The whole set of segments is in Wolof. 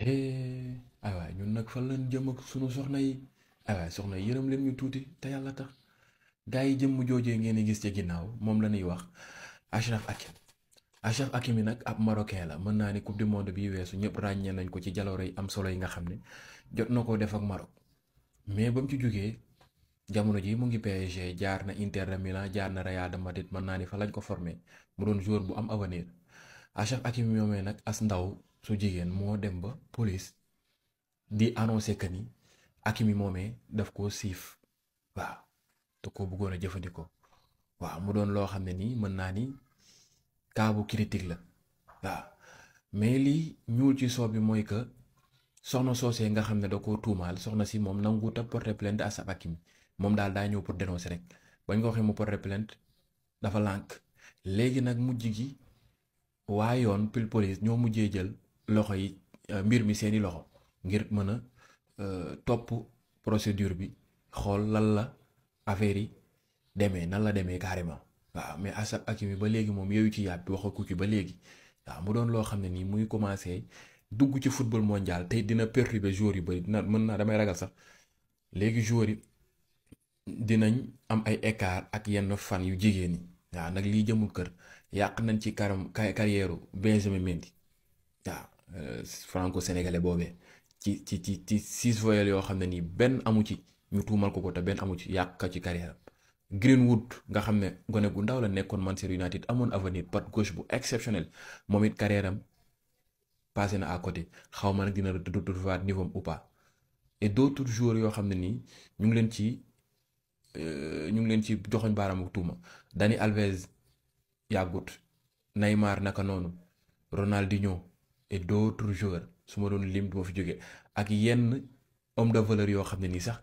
Eh, ay waay ñun nag fan lañ jëm ak sunu soxna yi ay soxna yi yërëm leen ñu tuuti te yàlla tax gaa yi jëmm joojee ngeen di gis ci ginnaaw moom la ñuy wax Achraf Hakimi Achraf Hakimi nag ab marocain la mën naa ni coupe du bi weesu ñëpp ràññee nañ ko ci jaloore am solo yi nga xam ne jot na ko def ak Maroc mais ba mu ci jógee jamono ji mu ngi PSG jaar na Inter de Milan jaar na Real de Madrid mën naa ni fa lañ ko formé mu doon jour bu am avenir Achraf Hakimi moomee nag as ndaw su jigéen moo dem ba police di annoncé que ni Hakimi moomee daf koo siif waaw te ko bëggoon a jëfandikoo waa mu doon loo xam ne nii mën naa ni cas bu la waaw mais lii ñuul ci soo bi mooy que soxna soosee nga xam ne da koo tuumaal soxna si moom nangu a porté plainte Asap Hakimi moom daal daa ñëw pour dénoncer rek bañ ko waxee mu porté plainte dafa lànk léegi nag mujj gi waa yoon pile police ñoo mujjee jël. loxo yi euh, mbir mi seeni loxo ngir mën a euh, topp procédure bi xool lan la affaire yi demee nan la demee carrément waaw mais Asap Hakimi ba léegi moom yooyu ci yàpp bi waxaku ba léegi waaw mu doon loo xam ne nii muy commencé dugg ci football mondial te dina perturber joueurs yu bëri dina mën naa damay ragal sax léegi joueurs yi dinañ am ay écart ak yenn fan yu jigéen yi waaw nag lii jëmul kër yàq nañ ci karam carrière Benjamin Mendy waaw Euh, franco-sénégalais boobee ci ci ci ci six voyelles yoo xam ne nii benn amu ci ñu tuumal ko ko te benn amu ci yàq ko ci carrière Greenwood nga xam ne gone gu ndaw la nekkoon Manchester United amoon avenir pat gauche bu exceptionnel moom it carrière am na à côté xaw ma nag dina retrouver niveau am ou pas et d' autres joueurs yoo xam ne nii ñu ngi leen ci euh, ñu ngi leen ci joxoñ baaraamu tuuma Dani Alves yàggut Neymar naka noonu Ronaldinho et d'autres joueurs su ma doon lim du ma fi jógee ak yenn homme de valeur yoo xam ne nii sax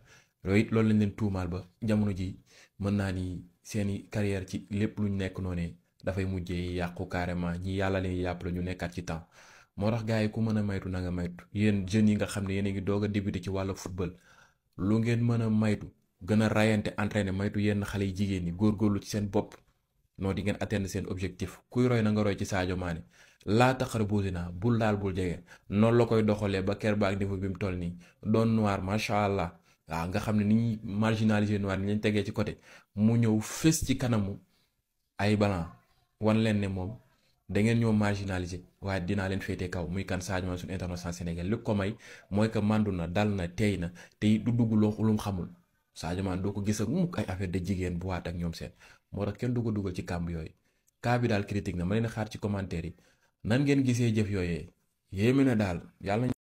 loolu loolu lañ leen tuumaal ba jamono ji mën naa ni seeni carrière ci lépp luñ nekk noonu dafay mujjee yàqu carrément ñi yàlla leen yàpp la ñu nekkaat ci temps moo tax gaa yi ku mën a maytu nanga maytu yéen jeunes yi nga xam ne yéen a ngi doog a débuté ci wàllu football lu ngeen mën a maytu gën a rayante entraîné maytu yenn xale yi jigéen ñi góorlu ci seen bopp noo di ngeen atteindre seen objectif kuy roy na nga ci Sadio Mané laa taqarabu zina bul laal bul jege noonu la koy doxalee ba ker baak niveau bi mu toll nii doon noir macha allah waaw nga xam ne ni ñuy marginaliser noir ni lañ tegee ci côté mu ñëw fës ci kanamu ay balan wan leen ne moom da ngeen ñoo marginaliser waaye dinaa leen féetee kaw muy kan Sadio Mané suñu international Sénégal li ko may mooy que màndu na dal na teey na tey du dugg lu mu xamul Sadio doo ko gis ak mukk ay affaire de jigéen bu waat ak ñoom seen moo tax kenn du ko dugal ci kàmb yooyu cas bi daal critique na ma leen xaar ci commentaire yi. nan ngeen gisee jëf yooyee yéeme na daal yàlla